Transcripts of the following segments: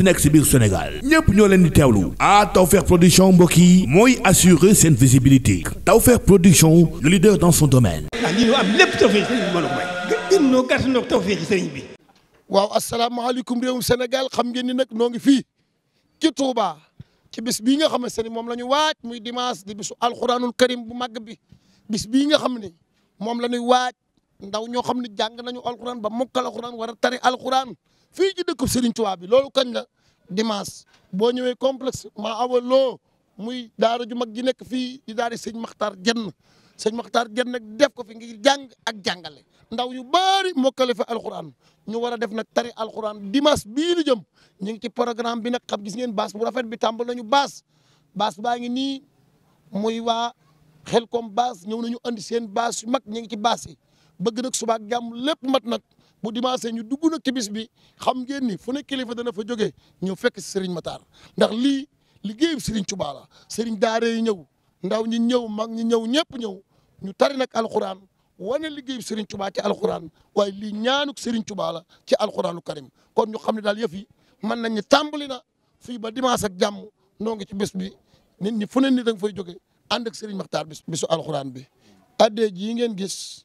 mënti nekk si biir Sénégal ñëpp ñoo leen di teewlu ah Tawfekh production mbokk yi mooy assurer seen visibilité Tawfekh production le leader dans son domaine. ah lii ñu am lépp Tawfekh sëriñ bi mën a may. gën ñoo gàtt ñoo waaw asalaamaaleykum réewum Sénégal xam ngeen ni nag noo ngi fii ci Touba ci bis bii nga xamante ne moom la ñu waaj muy dimanche di bisu alxuraanul karim bu màgg bi bis bii nga xam ne moom la ñuy waaj ndaw ñoo xam ne jàng nañu alxuraan ba mokkal alxuraan war a tari alxuraan fii ci dëkk Serigne Touba bi loolu kañ la dimanche boo ñëwee complexe ma awa muy daara ju mag ji nekk fii di daara sëñ Maxtaar Jenn sëñ Maxtaar Jenn nag def ko fi ngir jàng ak jàngale ndaw yu baari moo fi alxuraan ñu war a def nag tari alxuraan dimanche bii lu jëm ñu ngi ci programme bi nag xam gis ngeen baas bu rafet bi tàmbal nañu baas baas baa ngi nii muy waa xel comme baas ñëw nañu andi seen baas yu mag ñu ngi ci baas bëgg nag suba ak jàmm lépp mat nag bu dimanche ñu dugg nag ci bis bi xam ngeen ni fu ne kilifa dana fa jógee ñëw fekk si Serigne Matar ndax lii liggéey Serigne Touba la Serigne daare yi ñëw ndaw ñi ñëw mag ñi ñëw ñëpp ñëw ñu tari nag alxuraan wane liggéey Serigne Touba ci alxuraan waaye lii ñaanuk Serigne Touba la ci alxuraanu karim kon ñu xam ne daal yëf yi mën nañ ñu tàmbali na fii ba dimanche ak jàmm noo ngi ci bés bi nit ñi fu ne ni da nga fay jóge ànd ak Serigne Makhtar bis bisu alxuraan bi addee ji ngeen gis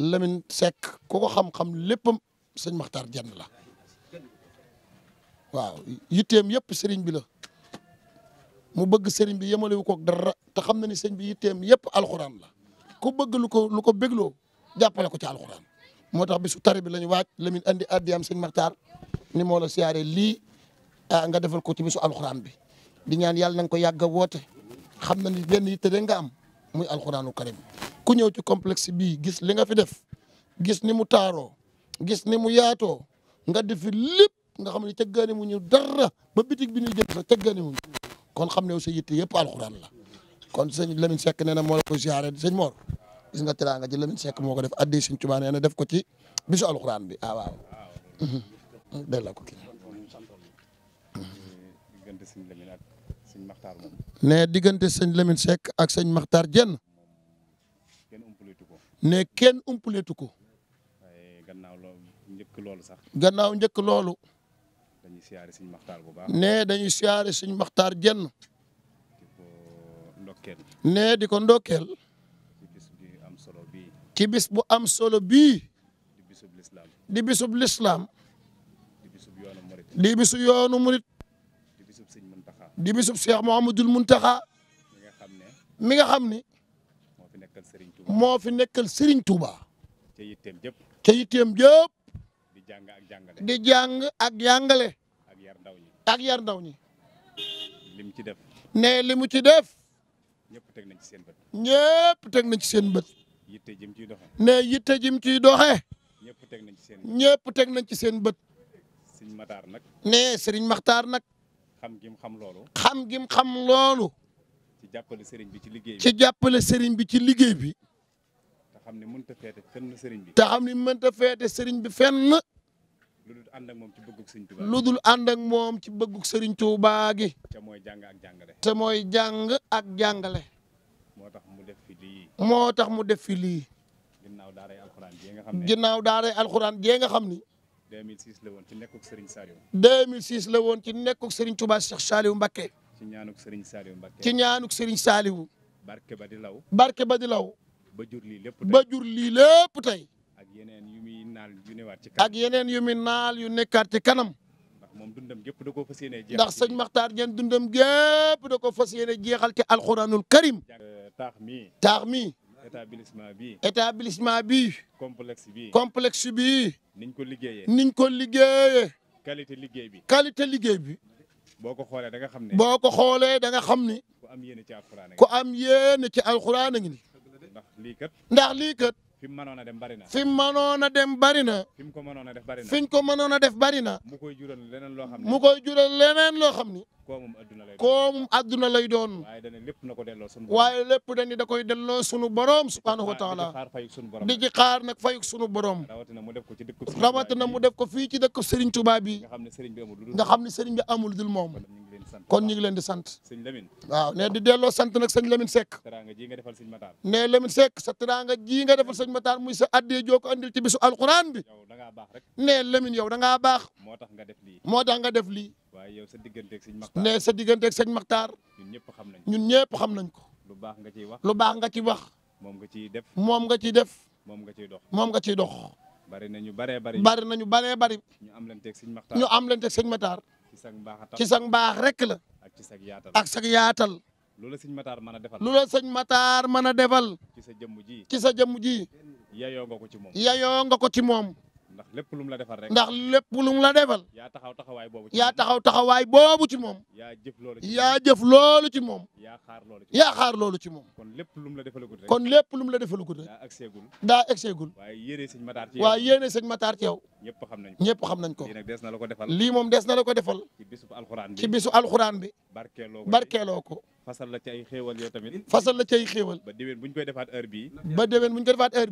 Lamine Seck ku ko xam-xam léppam sëñ Maxtaar jenn la waaw yitteem yëpp sëriñ bi la mu bëgg sëriñ bi yemalewu kook dara te xam na ni sëñ bi yitteem yëpp alxuraan la ko bëgg lu ko lu ko bégloo jàppale ko ci alxuraan moo tax bisu tari bi la ñu waaj Lamine andi addi am sëñ Maxtaar ni moo la siyaaree lii nga defal ko ci bisu alxuraan bi di ñaan yàlla na ko yàgg woote xam na ni benn yitte rek nga am muy alxuraanu karim ku ñëw ci complexe bii gis li nga fi def gis ni mu taaroo gis ni mu yaatoo nga def fi lépp nga xam ne cëggaani mu ñu dara ba bitig bi ñuy jënd sax cëggaani mu ñu kon xam ne aussi yitte yëpp alxuraan la kon sëñ Lamine sekk nee na moo la ko ziare sëñ Mor gis nga teraanga ji Lamine Seck moo ko def addi sëñ Tuubaa nee na def ko ci bisu alxuraan bi ah waaw. delloo ko kii. ne diggante sëñ Lamine Seck ak sëñ Makhtar Diène. ne kenn umpaleetu ko. gannaaw loolu loolu sax. gannaaw njëkk loolu. dañuy siyaare suñu maxtaar bu baax. ne dañuy siyaare suñu maxtaar jenn. di ko di ko ndokkeel. ci am solo bii. ci bis bu am solo bii. di bisub lislaam. di bisub lislaam. di bisub yoonu murit. di bisu yoonu murit. di bisub sëñ Muntaxa. di bisub Cheikh Mouhamadoul Muntaxa. mi nga xam ne. mi nga xam ne. fi nekkal Serigne Touba moo fi nekkal Serigne Touba. ca yitteem jëpp ca yitteem jëpp. di jàng ak jàngale di jàng ak jàngale. ak yar ndaw ñi ak yar ndaw ñi. li ci def. ne li ci def. ñëpp teg nañ ci seen bët. ñëpp teg nañ ci seen bët. yitte jim ciy doxee. ne yitte jim ciy doxee. ñëpp teg nañ ci seen ñëpp teg nañ ci seen bët. Serigne Maxtaar nag. ne Serigne Maxtaar nag. xam gim xam loolu. xam gim xam loolu. ci jàppale seriñ bi ci liggéey bi ci jàppale sëriñ bi ci liggéey bi. te xam ne mënta feete fenn sëriñ bi. te xam ne mënta feete sëriñ bi fenn. lu dul ànd moom ci bëggug sëriñ Touba lu moom ci bëggug sëriñ Touba gi. te mooy jàng ak jàngale. te mooy jàng ak jàngale. moo tax mu def fi lii. moo tax mu def fi lii. ginnaaw daaray alxuraan jee nga xam ne. ginnaaw daaray alxuraan jee nga xam ni. 2006 la woon ci nekkug sëriñ Saliou. 2006 la woon ci nekkug sëriñ Touba Cheikh Saliou Mbacké. ci ñaanuk Serigne Saliou Mbacké ci ñaanuk Serigne Saliou. barke ba di law barke ba di law. ba jur lii lépp tey ba jur lii lépp tey. ak yeneen yu muy naal yu newaat ci kanam. ak yeneen yu muy yu nekkaat ci kanam. ndax moom dundam gépp da koo fas yéene jeexal ndax sëñ Makhtar Diène dundam gépp da koo fas yéene jeexal ci alxuraanul karim. Euh, taax mi taax mi. établissement bi établissement bi. complexe bi complexe bi. niñ ko liggéeyee niñ ko liggéeyee. qualité liggéey bi qualité liggéey bi. boo ko xoolee da nga xam ne boo ko xoolee da xam ni. am yéene ci alxuraan ko am yéene ci alxuraan a ngi ni ndax lii kat. ndax lii kat. fi mu mënoon a dem bari na. fi mu mënoon a dem bari na. fi mu ko mënoon a def bari na. fi mënoon a def bari na. mu koy jural leneen loo xam mu koy jural leneen loo xam ni. koomum adduna lay doon adduna lay doon. waaye dana lépp delloo sunu borom waaye da koy delloo sunu borom subhaanahu wa taala. di ci xaar nag fayuk sunu borom. rawatina mu def ko ci dëkk. rawatina mu def ko fii ci dëkk Serigne Touba nga xam ne Serigne bi amul dul moom. kon ñu ngi leen di sant. sëñ Lamine waaw ne di delloo sant nag sëñ Lamine Seck. teraanga ji nga defal sëñ Matar. ne Lamine Seck sa teraanga ji nga defal sëñ Matar muy sa addee joo ko andil ci bisu alxuraan bi. yow da ngaa baax rek. ne Lamine yow da ngaa baax. moo tax nga def lii. moo tax nga def lii. waaye sa digganteeg sëñ Matar. ne sa digganteeg sañ Matar. ñun ñëpp xam nañ ko ñun ñëpp xam nañ ko. lu baax nga ciy wax. lu baax nga ciy wax. moom nga ciy def. moom nga ciy def. moom nga ciy dox. moom nga ciy dox. bari nañu baree bari. bari nañu baree bari. ñu am leen teg sëñ Matar. am leen teg sëñ Matar ci sag mbaax rek la ak ci sag yaatal ak sag yaatal lu la sëñ Mataar mën a defal lu la sëñ Mataar mën a defal ci sa jëmm ji ci sa jëmm ji yayoo ko ci moom yayoo ko ci moom ndax lépp lu mu la defal rek. ndax lépp lu mu la defal. yaa taxaw taxawaay boobu yaa taxaw taxawaay boobu ci moom. yaa jëf loolu ci moom yaa jëf loolu ci moom. xaar loolu ci moom yaa xaar ci moom. kon lépp lu mu la defalagul kon lépp lu mu la defalagul rek. daa egseegul daa egseegul. waaye yéene sëñ Matar ci yow waaye yéene sëñ Matar ci yow. ñëpp xam nañ ko ñëpp xam nañ ko. lii nag na la ko defal lii moom des na la ko defal. ci bisu alxuraan bi ci bisu alxuraan bi. barkeeloo ko barkeeloo ko. fasal la ay xéewal yow tamit. fasal la ay xéewal. ba déwén bu koy defaat heure bii. ba déwén koy defaat heure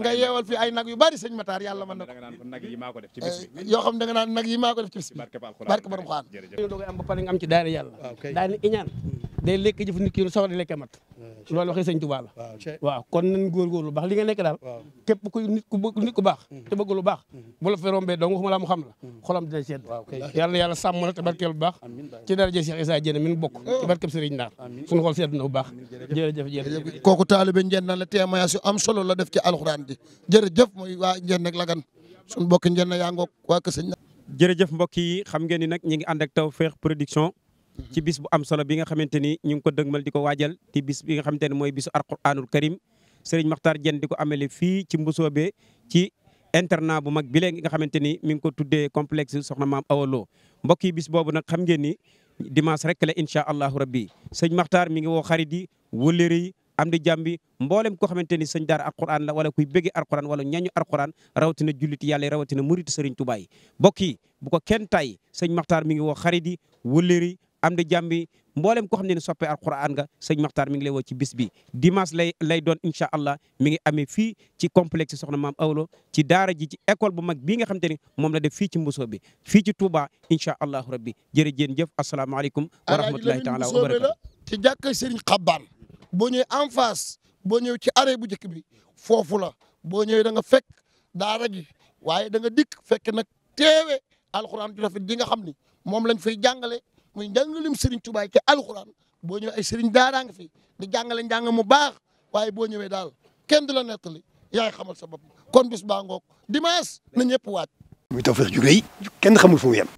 nga yeewal fii ay nag yu bari sëñ Matar yàlla mën nag yi maa def ci bis bi. Eh, xam da naan nag yi maa def ci bis bi. barke Borom Xaan. jërëjëf. da ngay ah, iñaan hmm. day lekk jëf nit ki soxla di mat loolu waxee sëñ Tuubaa la waaw kon nañ góorgóorlu baax li nga nekk daal képp ku nit ku baax mm-hmm. te bëgg lu baax mm-hmm. bu la fa rombee dong waxuma laa mu xam la mm-hmm. xolam dina sedd yàlla na yàlla sàmm la te barkeel bu baax ci daraja Cheikh Issa Diène mi bokk ci barkeb Serigne Ndar suñu xol sedd na bu baax jërëjëf jërëjëf am solo la def ci alxuraan bi jërëjëf mooy waa njeen nag lagan suñu mbokk njeen na yaa ngoog waa kër sëñ jërëjëf mbokk yi xam ngeen ni nag ñi ngi ànd ak Tawfekh Production ci bis bu am solo bi nga xamante ni ñu ngi ko mal di ko waajal ti bis bi nga xamante ni bis bisu alquranul karim Serigne Makhtar Diène di ko amele fii ci Mbusoobe ci internat bu mag bi léegi nga xamante ni mi ngi ko tuddee complexe soxna maam awalo Lo mbokk yi bis boobu nag xam ngeen ni dimanche rek la incha allahu rabbi sëñ Makhtar mi ngi woo xarit yi wëllëre yi am di jàmm mboolem koo xamante ni sëñ daara alquran la wala kuy bëgge alquran wala ñañu alquran rawatina jullit yàlla yi rawatina murit Serigne Touba yi mbokk yi bu ko kenn tay sëñ Makhtar mi ngi woo xarit yi wëllëre yi am di jàmm bi mboolem koo xam ne ne soppe alquran nga sëñ Maxtaar mi ngi lay woo ci bis bi dimanche lay lay doon incha allah mi ngi amee fii ci complexe soxna maam awlo ci daara ji ci école bu mag bii nga xam te moom la def fii ci mbusoo bi fii ci Touba incha allahu rabbi jërëjéen jëf asalaamaaleykum wa rahmatulahi taala wa barakatu ci jàkka sëriñ xabbaan boo ñëwee en face boo ñëwee ci arrêt bu njëkk bi foofu la boo ñëwee da nga fekk daara ji waaye da nga dikk fekk nag teewe alquran ju rafet di nga xam ni moom lañ fay jàngale muy mu Serigne Touba ci alxuraan boo ñëwee ay Serigne daaraa nga fi di jàngale njàng mu baax waaye boo ñëwee daal kenn du la nettali yaay xamal sa bopp kon bis baa ngoog na ñëpp waat muy Tawfekh ju rëy kenn xamul fo mu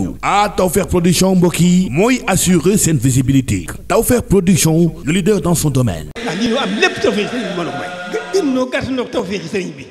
a ah Tawfekh production mbokk yi mooy assurer seen visibilité Tawfekh production le leader dans son domaine. Ah, am lépp Tawfekh sëriñ bi bi.